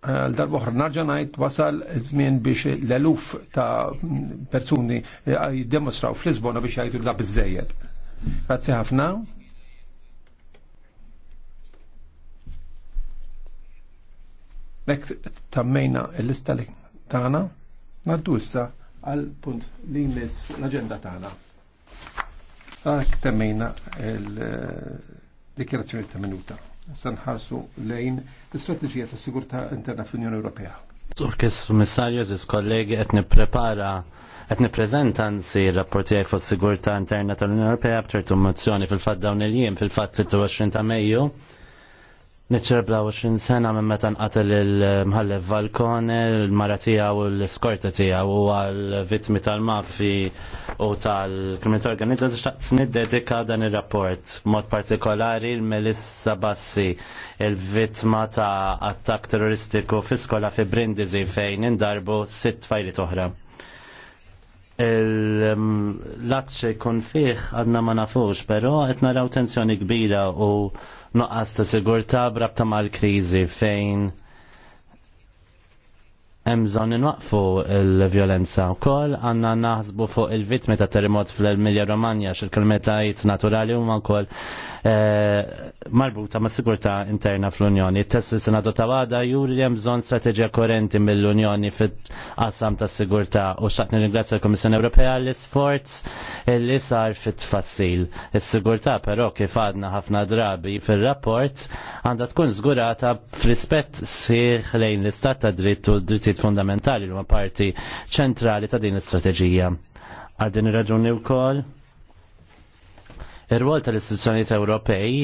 darba darboħra narġa' najt wasal żmien biex l-eluf ta' persuni eh, jiddemostraw fl-Lisbona biex jgħidu la biżejjed. Grazzi ħafna. Mek tammejna l-lista li tagħna, naddu issa għal punt li nis fuq l-aġenda tagħna. Dak temmejna l- dikjerazzjoni ta' minuta. Sanħarsu lejn l istrategija ta' sigurtà interna fl-Unjoni Ewropea. Turkis Missarju, ziz kollegi, qed nipprepara qed nippreżenta anzi rapporti għaj fuq sigurtà interna tal-Unjoni Ewropea b'ċertu mozzjoni fil-fatt dawn il jien fil-fatt 23 ta' Mejju Niċċerbla 20 sena minn meta nqatel il-mħallef Valkone, il-mara tiegħu u l-skorta tiegħu u għal-vittmi tal-mafi u tal-kriminalità organizzata xtaqt niddedika dan ir-rapport. Mod partikolari l-Melissa Bassi, il-vittma ta' attak terroristiku fi skola fi Brindisi fejn indarbu sitt fajli oħra. il l-atxe kun fih għadna ma nafux, pero qed naraw tensjoni kbira u noqqas ta' sigurtà brabta mal-kriżi fejn Hemm bżonn inwaqfu l-vjolenza wkoll għandna naħsbu fuq il-vittmi ta' terremot fl-Emilia Romagna x'il-kelmetajiet naturali huma wkoll eh, marbuta ma' sigurtà interna fl-Unjoni. Tessi senatu ta' għada juri li hemm bżonn strateġija mill-Unjoni fit-qasam tas sigurtà u xaqt nirringrazzja l komissjoni Ewropea l-isforz li sar fit-tfassil. Is-sigurtà però kif għadna ħafna drabi fir-rapport għandha tkun żgurata f'rispett siħ lejn l-istat ta' dritt u dritt fundamentali li huma parti ċentrali ta' din l-istrateġija. Għal din ir-raġuni wkoll ir-rwol tal-istituzzjonijiet Ewropej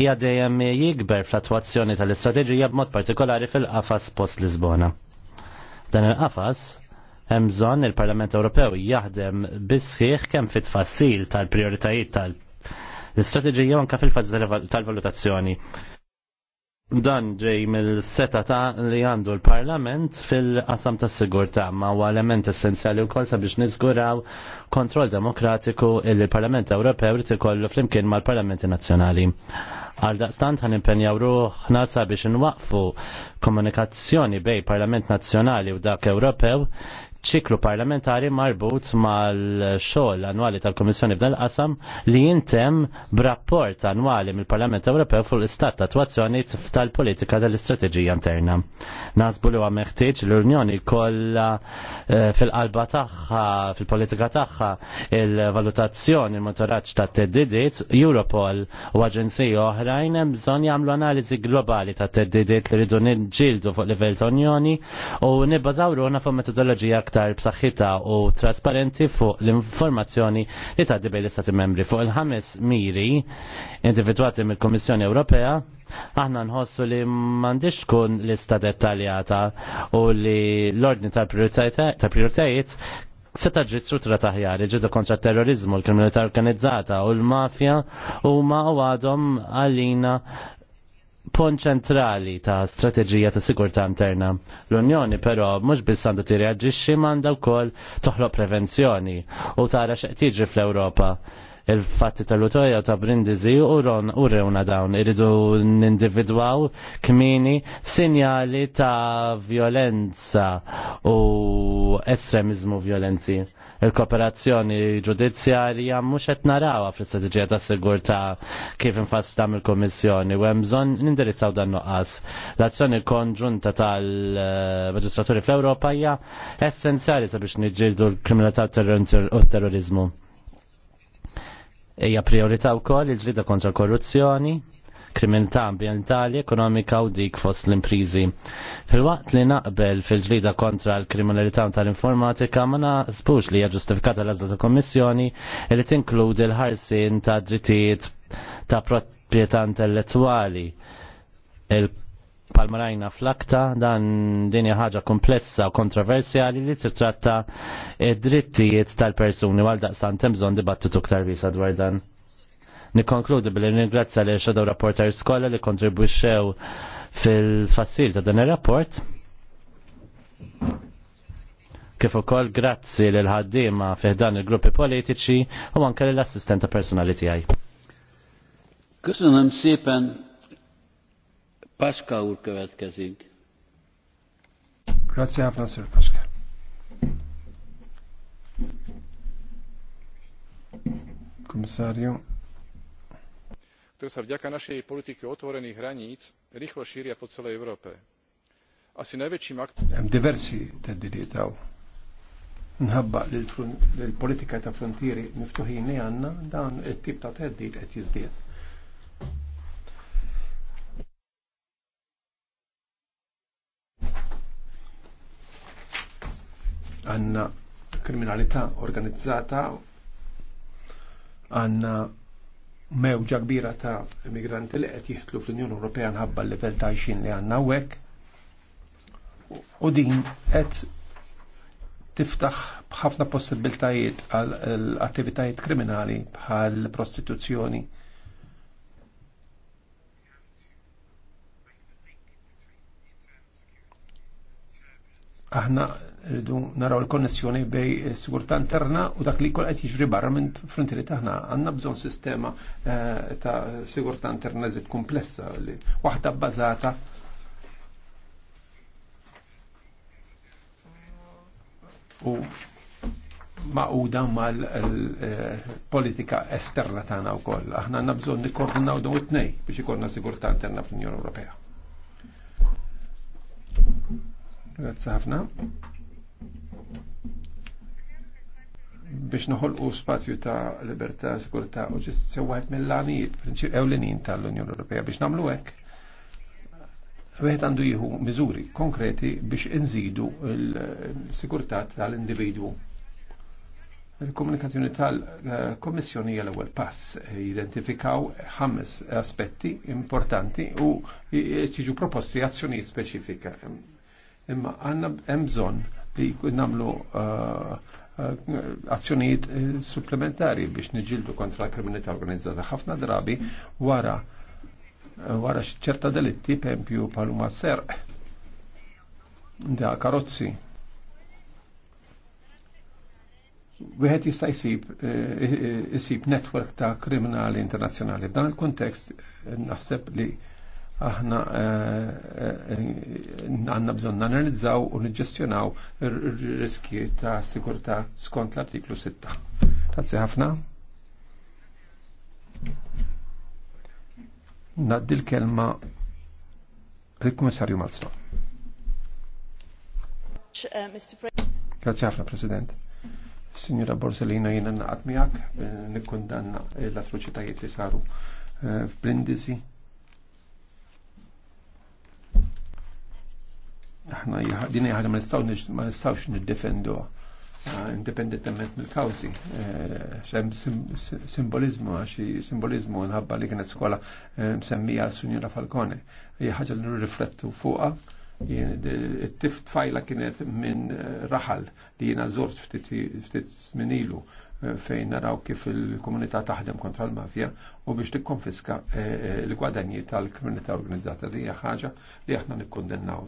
hija dejjem jikber fl-attwazzjoni tal-istrateġija b'mod partikolari fil-qafas post Lisbona. Dan il-qafas hemm bżonn il-Parlament Ewropew jaħdem bisħiħ kemm fit-tfassil tal-prijoritajiet tal-istrateġija anke fil-fażi tal-valutazzjoni dan ġej mill-seta ta' li għandu l-Parlament fil-qasam ta' sigurta ma' u element essenzjali u kol sabiex nizguraw kontrol demokratiku il parlament Ewropew rrit ikollu flimkien mal parlamenti Nazzjonali. Għal daqstant għan impenjaw ruħna sabiex nwaqfu komunikazzjoni bej Parlament Nazzjonali u dak Ewropew ċiklu parlamentari marbut mal-xogħol annwali tal-Komissjoni f'dan qasam li jintem b'rapport annwali mill-Parlament Ewropew fuq l-istat ta' attwazzjoni tal-politika tal-istrateġija interna. Nasbu li huwa meħtieġ l-Unjoni kollha eh, fil-qalba tagħha fil-politika tagħha il-valutazzjoni il motoraġġ ta' teddidiet Europol u aġenziji oħrajn hemm bżonn jagħmlu analiżi globali ta' teddidiet li rridu niġġieldu fuq livell ta' Unjoni u nibbażawruhna fuq metodoloġija aktar b'saħħitha u trasparenti fuq l-informazzjoni li tgħaddi bejn l-Istati membri. Fuq il-ħames miri individwati mill-Kummissjoni Ewropea, aħna nħossu li m'għandix tkun lista dettaljata u li l-ordni tal-prioritajiet seta ġit sutra taħjar, ġidu kontra terrorizmu, l-kriminalità organizzata u l-mafja u ma għadhom għalina pont ċentrali ta' strateġija ta' sigurta interna. L-Unjoni però mhux biss għandha tirreaġixxi m'għandha wkoll toħloq prevenzjoni u tara x'qed jiġri fl-Ewropa il-fatti tal-utoja ta' Brindisi u ron u rewna dawn. Iridu nindividwaw kmini sinjali ta' violenza u estremizmu violenti. Il-kooperazzjoni ġudizzjarja mhux qed narawha fl-istrateġija ta' sigurtà kif infass tam il-Kommissjoni u hemm bżonn nindirizzaw dan nuqqas. L-azzjoni konġunta tal-Maġistraturi fl-Ewropa hija essenzjali sabiex niġġieldu l-kriminalità u t-terrorizmu priorita u wkoll il-ġlida kontra korruzzjoni, kriminalità ambientali, ekonomika u dik fost l-imprizi. Fil-waqt li naqbel fil-ġlida kontra l-kriminalità tal-informatika ma naqsbux li hija ġustifikata l-għażla ta' kommissjoni li tinkludi l-ħarsin ta' drittijiet ta' proprjetà intellettuali Palmarajna fl-akta dan din ħaġa komplessa u kontroversjali li titratta id-drittijiet tal-persuni għal daqsan temżon dibattitu ktar visa dwar dan. Nikonkludi billi ningrazzja li xadaw rapporter skola li kontribwixxew fil-fassil ta' dan ir-rapport kif ukoll grazzi lil ħaddiema fih dan il-gruppi politiċi u anke lill assistenta personali tiegħi. Köszönöm szépen Paska úr következik. Grazie, Franszer Paska. Komisario. ktoré sa vďaka našej politike otvorených hraníc rýchlo šíria po celej Európe. Asi najväčším aktom... diversi teddidi dietal. Nħabba l-politika ta' frontieri miftuħini nejanna dan it-tip ta' teddid qed jiżdied Għanna kriminalità organizzata, għanna mewġa kbira ta' immigranti li qed jieħdlu fl-Unjoni Ewropea nħabba l livell ta' xin li għandna hawnhekk. U din qed tiftaħ b'ħafna possibiltajiet għal attivitajiet kriminali bħal prostituzzjoni aħna rridu naraw il-konnessjoni bej sigurtà interna u dak li jkun qed jiġri barra minn frontieri taħna. Għandna bżonn sistema eh, ta' sigurtà interna żid komplessa li waħda bbażata u maquda mal-politika eh, esterna tagħna wkoll. Aħna għandna bżonn nikkoordinaw dawn it tnejn biex ikollna sigurtà interna fl-Unjoni Ewropea. Grazzi ħafna. Biex u spazju ta' libertà, sigurtà u ġist għajt mill-lanijiet, prinċip ewlenin tal-Unjoni Ewropea biex nagħmlu hekk. għajt għandu jieħu miżuri konkreti biex inżidu l-sigurtà tal-individwu. Il-komunikazzjoni tal-Kommissjoni hija ewwel pass jidentifikaw ħames aspetti importanti u jiġu proposti azzjonijiet speċifika Imma għanna bżon li namlu eh, eh, azzjonijiet eh, supplementari biex niġildu kontra la kriminalità organizzata. ħafna drabi wara wara ċerta delitti, pempju paluma ser da karozzi, wieħed jista' jsib isib network ta' kriminali internazzjonali. F'dan il-kontekst naħseb li aħna eh, eh, għanna bżon nanalizzaw u nġestjonaw riski ta' sigurta skont l-artiklu 6. Grazie ħafna. Naddi l-kelma il kummissarju Malzno. Grazie ħafna, President. Signora Borsellino, jina għatmijak, eh, nikkundanna l-atroċitajiet li saru f'Brindisi aħna din ħaġa ma nistgħu ma nistgħux niddefendu eh, indipendentement mill-kawzi. Eh, xem simbolizmu, għaxi simbolizmu nħabba li kienet skola eh, msemmija s-Sunjura Falcone. ħaġa li nirriflettu fuqa, it-tif tfajla kienet minn raħal li jena zort ftit sminilu fejn naraw kif il-komunità taħdem kontra l-mafja u biex tikkonfiska eh, eh, l-gwadanji tal komunità organizzata li hija ħaġa li aħna nikkondennaw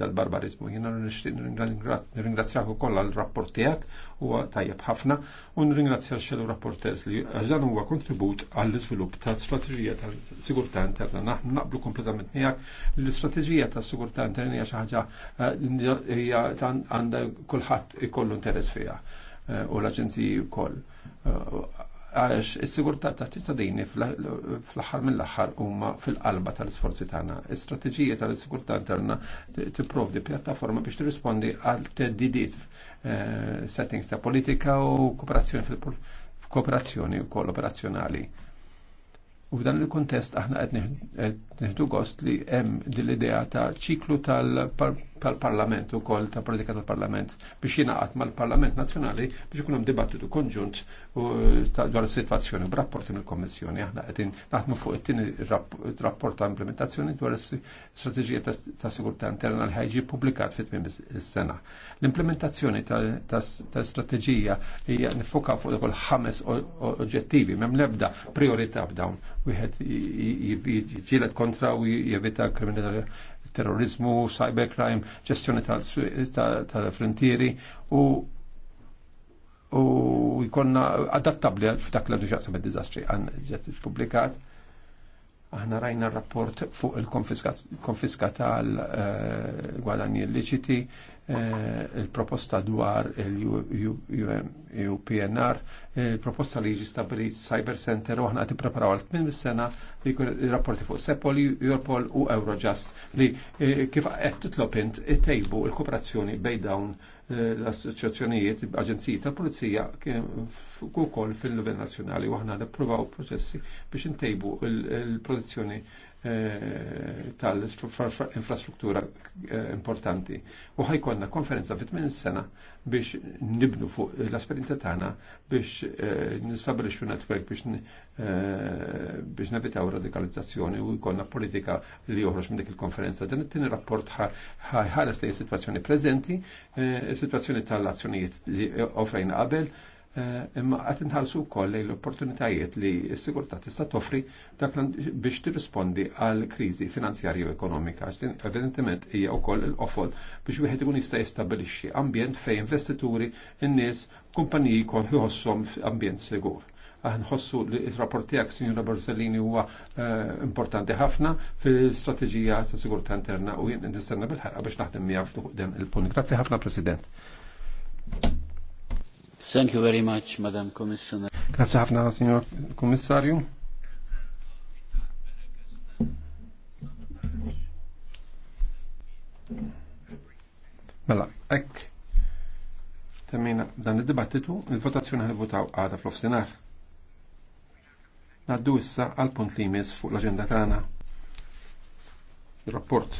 dal-barbarizmu. Jiena nirringrazzjak ukoll għal rapport tiegħek huwa tajjeb ħafna u nirringrazzja x-xelu rapporters li dan huwa kontribut għall-iżvilupp ta' strateġija ta' sigurtà interna. Naħna naqblu kompletament miegħek l-istrateġija ta' sigurtà interna hija xi ħaġa eh, għandha kulħadd ikollu interess fiha Eh, u l-aġenziji wkoll. Eh, għax is-sigurtà ta' ċittadini fl-aħħar mill-aħħar huma fil-qalba tal-isforzi tagħna. Is-strateġija tal-sigurtà interna tipprovdi pjattaforma biex tirrispondi għal teddidiet eh, settings ta' politika u kooperazzjoni fil-kooperazzjoni u koll operazzjonali. U f'dan il-kontest aħna qed neħdu gost li hemm l-idea ta' ċiklu tal tal-Parlament u koll ta' politika tal-Parlament biex jinaqat mal-Parlament Nazzjonali biex ikun hemm dibattitu konġunt dwar is-sitwazzjoni b'rapporti mill-Kommissjoni aħna qegħdin naħdmu fuq it-tieni rapport ta' implementazzjoni dwar is-strateġija ta' sigurtà interna li ħajġi publikat fit-tmiem is-sena. L-implementazzjoni ta' strateġija hija nifoka fuq ukoll ħames oġġettivi, m'hemm l-ebda priorità b'dawn. Wieħed jiġieled kontra u jevita kriminalità terrorizmu, cybercrime, ġestjoni tal-frontieri u u jkonna adattabli f'dak l-għandu xaqsam id-dizastri għan ġet publikat Aħna rajna rapport fuq il-konfiska tal-gwadanji illiċiti, eh, il-proposta dwar il-UPNR, il-proposta li ġi stabili Cyber Center u aħna għati preparaw għal tmim sena li rapporti fuq Sepol, Europol u Eurojust li eh, kif għed titlop it tejbu il-kooperazzjoni bej dawn eh, l-assoċjazzjonijiet, aġenziji tal-Pulizija kien ukoll fil-livell nazzjonali u aħna nippruvaw proċessi biex intejbu il-protezzjoni protezzjoni eh, tal-infrastruttura eh, importanti. U ħajkonna konferenza fit sena biex nibnu fuq l-esperienza tagħna biex eh, nistabilixxu netwerk biex biex nevitaw radikalizzazzjoni u jkollna politika li joħroġ minn dik il-konferenza. Dan it-tieni rapport ħares lejn situazzjoni preżenti, is-sitwazzjoni tal-azzjonijiet li offrejna qabel, Eh, imma qed nħalsu wkoll lejn l-opportunitajiet li s-sigurtà tista' toffri dak biex tirrispondi għal kriżi finanzjarja u ekonomika evidentement hija wkoll l-qofol biex wieħed ikun jista' jistabbilixxi ambjent fejn investituri n nies kumpaniji jkun jħossom f'ambjent sigur nħossu li il-rapport tijak, signora Borsellini, huwa eh, importanti ħafna fil-strategija ta' sigurta interna u jien nistenna bil-ħarqa biex naħdem miegħu dem il-punt. Grazzi ħafna, President. Thank you very much, Madam Commissioner. Grazie ħafna, Signor Kommissarju. Mela, ek, temmina dan il dibattitu il-votazzjoni votaw għada fl-ofsinar. Naddu issa għal punt li jmiss fuq l-agenda tagħna. Il-rapport